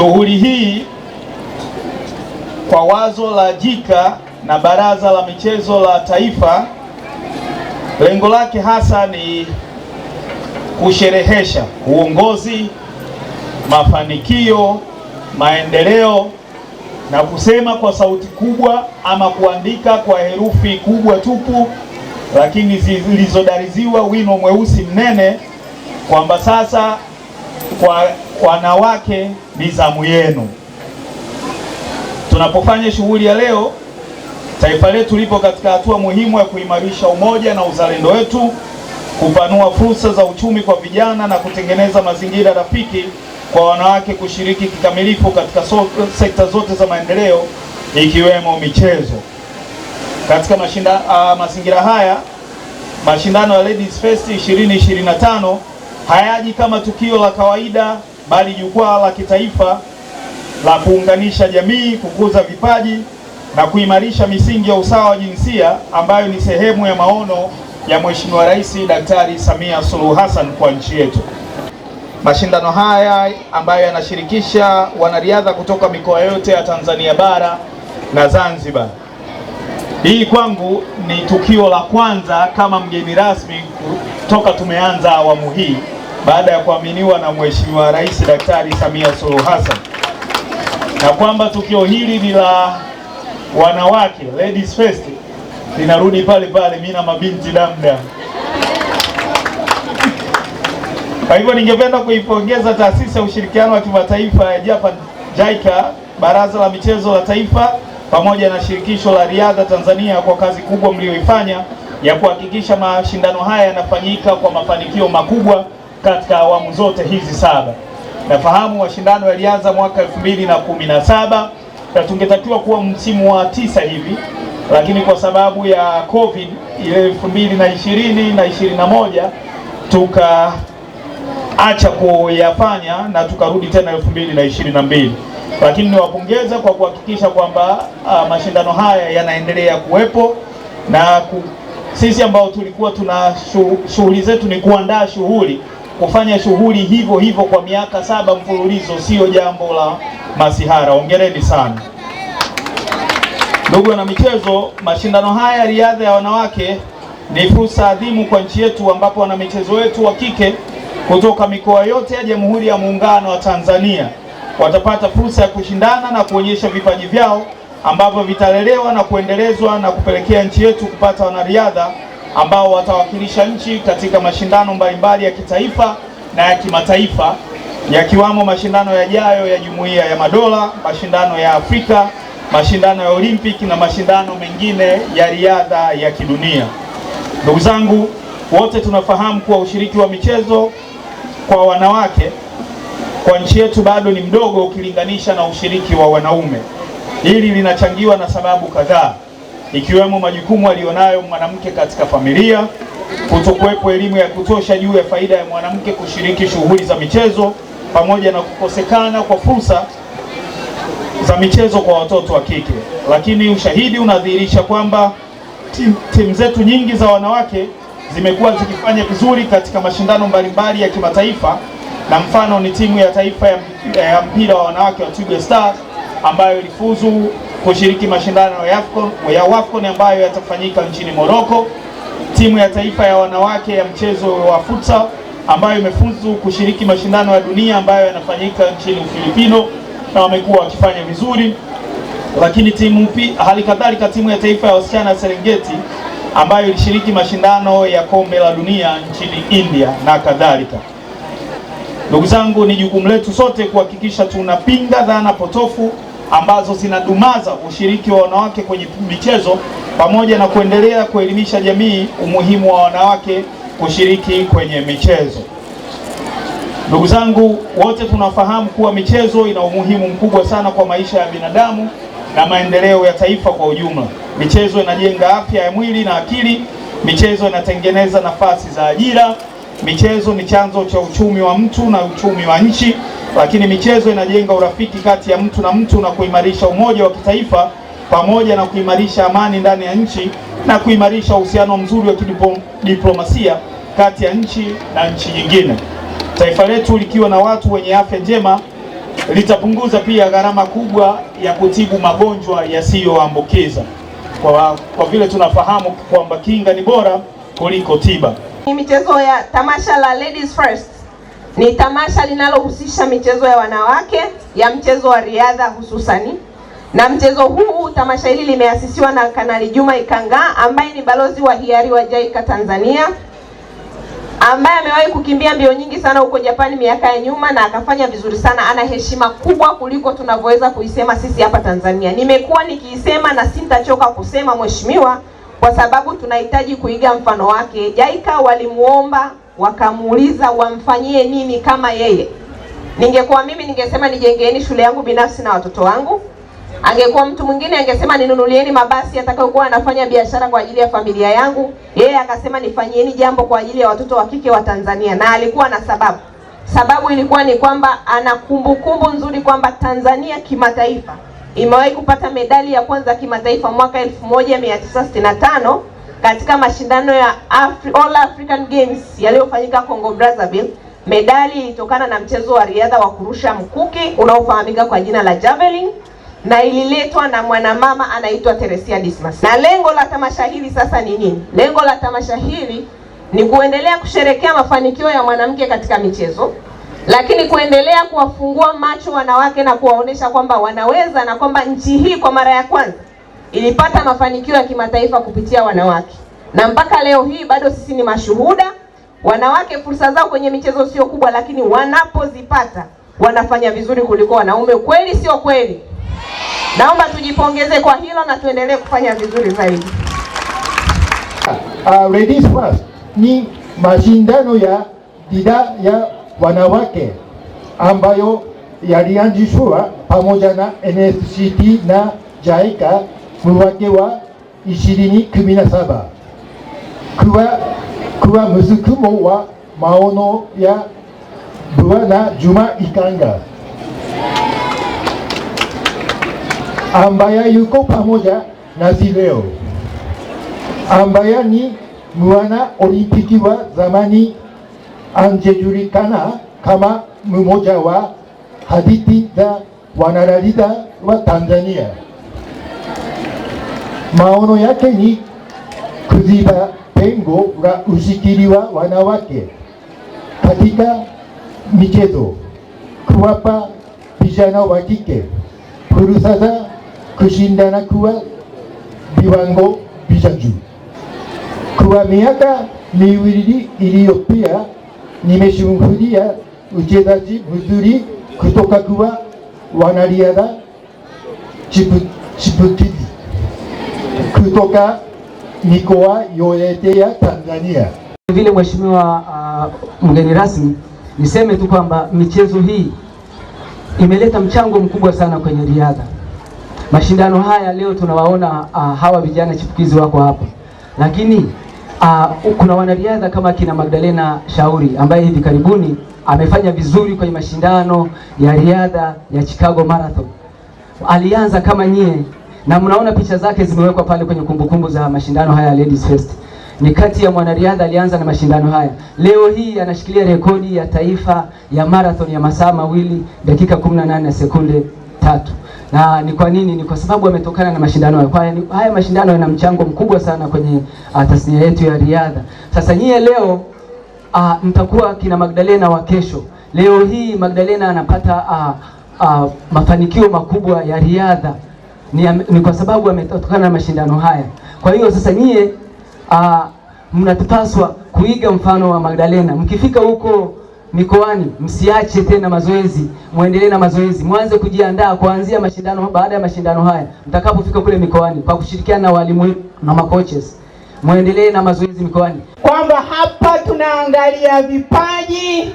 Shughuli hii kwa wazo la JICA na Baraza la Michezo la Taifa, lengo lake hasa ni kusherehesha uongozi, mafanikio, maendeleo na kusema kwa sauti kubwa ama kuandika kwa herufi kubwa tupu, lakini zilizodariziwa wino mweusi mnene kwamba sasa kwa wanawake, ni zamu yenu. Tunapofanya shughuli ya leo, taifa letu lipo katika hatua muhimu ya kuimarisha umoja na uzalendo wetu, kupanua fursa za uchumi kwa vijana na kutengeneza mazingira rafiki kwa wanawake kushiriki kikamilifu katika so, sekta zote za maendeleo ikiwemo michezo. Katika mashinda, uh, mazingira haya mashindano ya Ladies Fest 2025 hayaji kama tukio la kawaida bali jukwaa la kitaifa la kuunganisha jamii, kukuza vipaji na kuimarisha misingi ya usawa wa jinsia ambayo ni sehemu ya maono ya Mheshimiwa Rais Daktari Samia Suluhu Hassan kwa nchi yetu. Mashindano haya ambayo yanashirikisha wanariadha kutoka mikoa yote ya Tanzania bara na Zanzibar. Hii kwangu ni tukio la kwanza kama mgeni rasmi toka tumeanza awamu hii baada ya kuaminiwa na Mheshimiwa Rais Daktari Samia Suluhu Hassan, na kwamba tukio hili ni la wanawake, ladies first, linarudi pale pale, mimi na mabinti damda. Kwa hivyo ningependa kuipongeza taasisi ya ushirikiano wa kimataifa ya Japan JICA, Baraza la Michezo la Taifa pamoja na Shirikisho la Riadha Tanzania kwa kazi kubwa mlioifanya ya kuhakikisha mashindano haya yanafanyika kwa mafanikio makubwa katika awamu zote hizi saba. Nafahamu mashindano yalianza mwaka elfu mbili na kumi na saba na tungetakiwa kuwa msimu wa tisa hivi, lakini kwa sababu ya COVID ile elfu mbili na ishirini na ishirini na moja tukaacha kuyafanya na tukarudi tena elfu mbili na ishirini na mbili lakini niwapongeza kwa kuhakikisha kwamba ah, mashindano haya yanaendelea kuwepo na ku, sisi ambao tulikuwa tuna shughuli zetu ni kuandaa shughuli kufanya shughuli hivyo hivyo kwa miaka saba mfululizo sio jambo la masihara. Hongereni sana ndugu na michezo. Mashindano haya ya riadha ya wanawake ni fursa adhimu kwa nchi yetu, ambapo wanamichezo wetu wa kike kutoka mikoa yote ya Jamhuri ya Muungano wa Tanzania watapata fursa ya kushindana na kuonyesha vipaji vyao ambavyo vitalelewa na kuendelezwa na kupelekea nchi yetu kupata wanariadha ambao watawakilisha nchi katika mashindano mbalimbali ya kitaifa na ya kimataifa yakiwamo mashindano yajayo ya Jumuiya ya Madola, mashindano ya Afrika, mashindano ya Olimpiki na mashindano mengine ya riadha ya kidunia. Ndugu zangu, wote tunafahamu kuwa ushiriki wa michezo kwa wanawake kwa nchi yetu bado ni mdogo ukilinganisha na ushiriki wa wanaume. Hili linachangiwa na sababu kadhaa ikiwemo majukumu aliyonayo mwanamke katika familia, kutokuwepo elimu ya kutosha juu ya faida ya mwanamke kushiriki shughuli za michezo, pamoja na kukosekana kwa fursa za michezo kwa watoto wa kike. Lakini ushahidi unadhihirisha kwamba timu tim zetu nyingi za wanawake zimekuwa zikifanya vizuri katika mashindano mbalimbali ya kimataifa, na mfano ni timu ya taifa ya mpira wa wanawake wa Twiga Stars ambayo ilifuzu kushiriki mashindano ya AFCON ya AFCON ambayo yatafanyika nchini Morocco. Timu ya taifa ya wanawake ya mchezo wa futsal ambayo imefuzu kushiriki mashindano ya dunia ambayo yanafanyika nchini Ufilipino na wamekuwa wakifanya vizuri, lakini timu hali kadhalika timu ya taifa ya wasichana Serengeti ambayo ilishiriki mashindano ya kombe la dunia nchini India na kadhalika. Ndugu zangu, ni jukumu letu sote kuhakikisha tunapinga dhana potofu ambazo zinadumaza ushiriki wa wanawake kwenye michezo pamoja na kuendelea kuelimisha jamii umuhimu wa wanawake kushiriki kwenye michezo. Ndugu zangu, wote tunafahamu kuwa michezo ina umuhimu mkubwa sana kwa maisha ya binadamu na maendeleo ya taifa kwa ujumla. Michezo inajenga afya ya mwili na akili. Michezo inatengeneza nafasi za ajira. Michezo ni chanzo cha uchumi wa mtu na uchumi wa nchi. Lakini michezo inajenga urafiki kati ya mtu na mtu na kuimarisha umoja wa kitaifa pamoja na kuimarisha amani ndani ya nchi na kuimarisha uhusiano mzuri wa kidiplomasia kati ya nchi na nchi nyingine. Taifa letu likiwa na watu wenye afya njema litapunguza pia gharama kubwa ya kutibu magonjwa yasiyoambukiza kwa, kwa vile tunafahamu kwamba kinga ni bora kuliko tiba. Ni michezo ya tamasha la Ladies First ni tamasha linalohusisha michezo ya wanawake ya mchezo wa riadha hususani, na mchezo huu, tamasha hili limeasisiwa na Kanali Juma Ikangaa ambaye ni balozi wa hiari wa JICA Tanzania, ambaye amewahi kukimbia mbio nyingi sana huko Japani miaka ya nyuma na akafanya vizuri sana. Ana heshima kubwa kuliko tunavyoweza kuisema sisi hapa Tanzania. Nimekuwa nikiisema na sintachoka kusema, mheshimiwa, kwa sababu tunahitaji kuiga mfano wake. JICA walimuomba wakamuuliza wamfanyie nini kama yeye. Ningekuwa mimi ningesema nijengeeni shule yangu binafsi na watoto wangu. Angekuwa mtu mwingine angesema ninunulieni mabasi atakayokuwa anafanya biashara kwa ajili ya familia yangu. Yeye akasema nifanyieni jambo kwa ajili ya watoto wa kike wa Tanzania, na alikuwa na sababu. Sababu ilikuwa ni kwamba ana kumbukumbu nzuri kwamba Tanzania kimataifa imewahi kupata medali ya kwanza kimataifa mwaka 1965 katika mashindano ya Afri, All African Games yaliyofanyika Congo Brazzaville. Medali ilitokana na mchezo wa riadha wa kurusha mkuki unaofahamika kwa jina la javelin na ililetwa na mwanamama anaitwa Teresia Dismas. Na lengo la tamasha hili sasa ni nini? Lengo la tamasha hili ni kuendelea kusherekea mafanikio ya mwanamke katika michezo, lakini kuendelea kuwafungua macho wanawake na kuwaonesha kwamba wanaweza na kwamba nchi hii kwa mara ya kwanza ilipata mafanikio ya kimataifa kupitia wanawake, na mpaka leo hii bado sisi ni mashuhuda. Wanawake fursa zao kwenye michezo sio kubwa, lakini wanapozipata wanafanya vizuri kuliko wanaume. Kweli sio kweli? Naomba tujipongeze kwa hilo na tuendelee kufanya vizuri zaidi. Ah, uh, ladies first ni mashindano ya dida ya wanawake ambayo yalianzishwa pamoja na NSCT na JICA 分けは一里に組みなさばくわくわむすくもはまおのやぶわなじゅまいかんがあんばやゆこぱもじゃなしれよあんばやにむわなリンピキはざまにあんじェじゅりかなかまむもじゃははじてだわならりだはタンザニア魔王のやけにくじいた弁護が牛切りは罠わけ。カティカ・ミケド、クワパ・ビジャナ・ワキケ、クルサザ・クシンダナ・クワ・ビワンゴ・ビジャジュ。クワミヤカ・ミウリリ・イリオピア、ニメシュン・フリア、ウチェダジ・ムズリ・クトカクワ・ワナリアダ・チブ、チプティズ。kutoka mikoa yote ya Tanzania. Vile mheshimiwa uh, mgeni rasmi, niseme tu kwamba michezo hii imeleta mchango mkubwa sana kwenye riadha. Mashindano haya leo tunawaona uh, hawa vijana chipukizi wako hapa, lakini uh, kuna wanariadha kama kina Magdalena Shauri ambaye hivi karibuni amefanya vizuri kwenye mashindano ya riadha ya Chicago Marathon. Alianza kama nyie na mnaona picha zake zimewekwa pale kwenye kumbukumbu za mashindano haya Ladies Fest. Ni kati ya mwanariadha alianza na mashindano haya, leo hii anashikilia rekodi ya taifa ya marathon ya masaa mawili dakika 18 na sekunde tatu. Na ni kwa nini? Ni kwa sababu ametokana na mashindano haya. Kwa hiyo haya mashindano yana mchango mkubwa sana kwenye uh, tasnia yetu ya riadha. Sasa nyie leo uh, mtakuwa kina Magdalena wa kesho. Leo hii Magdalena anapata uh, uh, mafanikio makubwa ya riadha ni, ni kwa sababu ametokana na mashindano haya. Kwa hiyo sasa nyie ah, mnatupaswa kuiga mfano wa Magdalena. Mkifika huko mikoani, msiache tena mazoezi, muendelee na mazoezi, mwanze kujiandaa kuanzia mashindano, baada ya mashindano haya mtakapofika kule mikoani, kwa kushirikiana na walimu na makoches, muendelee na mazoezi mikoani, kwamba hapa tunaangalia vipaji,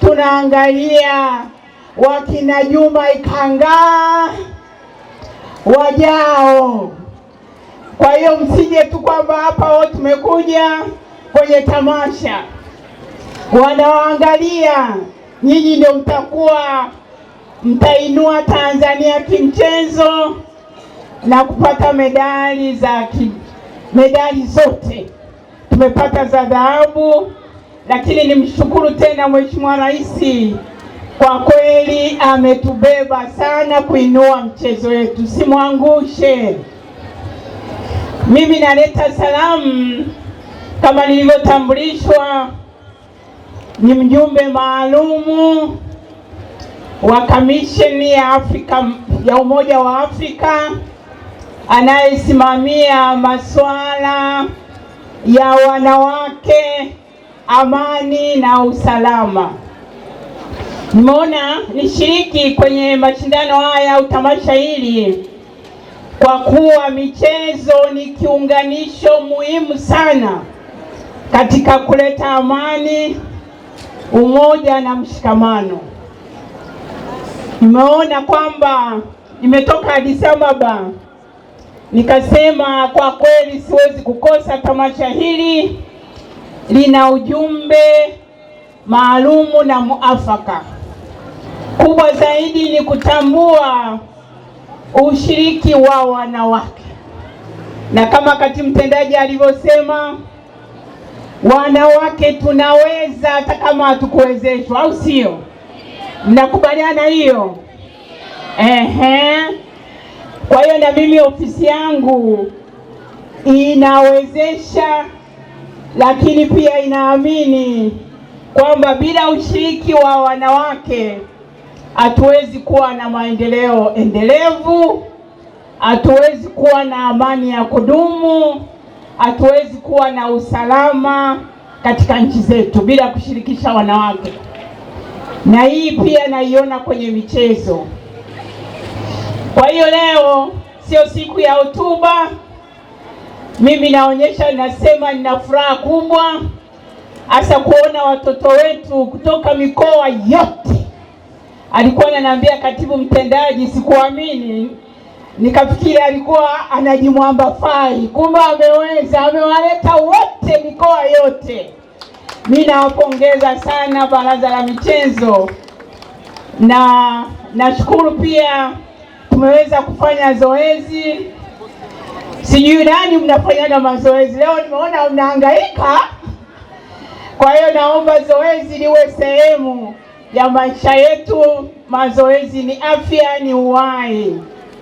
tunaangalia wakina Juma Ikangaa wajao. Kwa hiyo msije tu kwamba hapa wao tumekuja kwenye tamasha, wanaangalia nyinyi ndio mtakuwa mtainua Tanzania kimchezo na kupata medali za medali zote tumepata za dhahabu, lakini nimshukuru tena Mheshimiwa Rais kwa kweli ametubeba sana kuinua mchezo wetu, simwangushe. Mimi naleta salamu kama nilivyotambulishwa, ni mjumbe maalumu wa kamisheni ya Afrika ya Umoja wa Afrika anayesimamia masuala ya wanawake, amani na usalama. Nimeona nishiriki kwenye mashindano haya au tamasha hili kwa kuwa michezo ni kiunganisho muhimu sana katika kuleta amani, umoja na mshikamano. Nimeona kwamba nimetoka Addis Ababa, nikasema kwa kweli siwezi kukosa tamasha hili, lina ujumbe maalumu na muafaka. Kubwa zaidi ni kutambua ushiriki wa wanawake, na kama kati mtendaji alivyosema, wanawake tunaweza hata kama hatukuwezeshwa, au sio? Mnakubaliana hiyo? Ehe. Kwa hiyo na mimi ofisi yangu inawezesha, lakini pia inaamini kwamba bila ushiriki wa wanawake hatuwezi kuwa na maendeleo endelevu, hatuwezi kuwa na amani ya kudumu, hatuwezi kuwa na usalama katika nchi zetu bila kushirikisha wanawake. Na hii pia naiona kwenye michezo. Kwa hiyo leo sio siku ya hotuba. Mimi naonyesha, nasema nina furaha kubwa hasa kuona watoto wetu kutoka mikoa yote alikuwa ananiambia katibu mtendaji, sikuamini, nikafikiri alikuwa anajimwamba fai, kumbe ameweza, amewaleta wote mikoa yote. Mi nawapongeza sana baraza la michezo, na nashukuru pia tumeweza kufanya zoezi. Sijui nani mnafanyaga mazoezi leo, nimeona mnahangaika. Kwa hiyo naomba zoezi liwe sehemu ya maisha yetu. Mazoezi ni afya, ni uhai.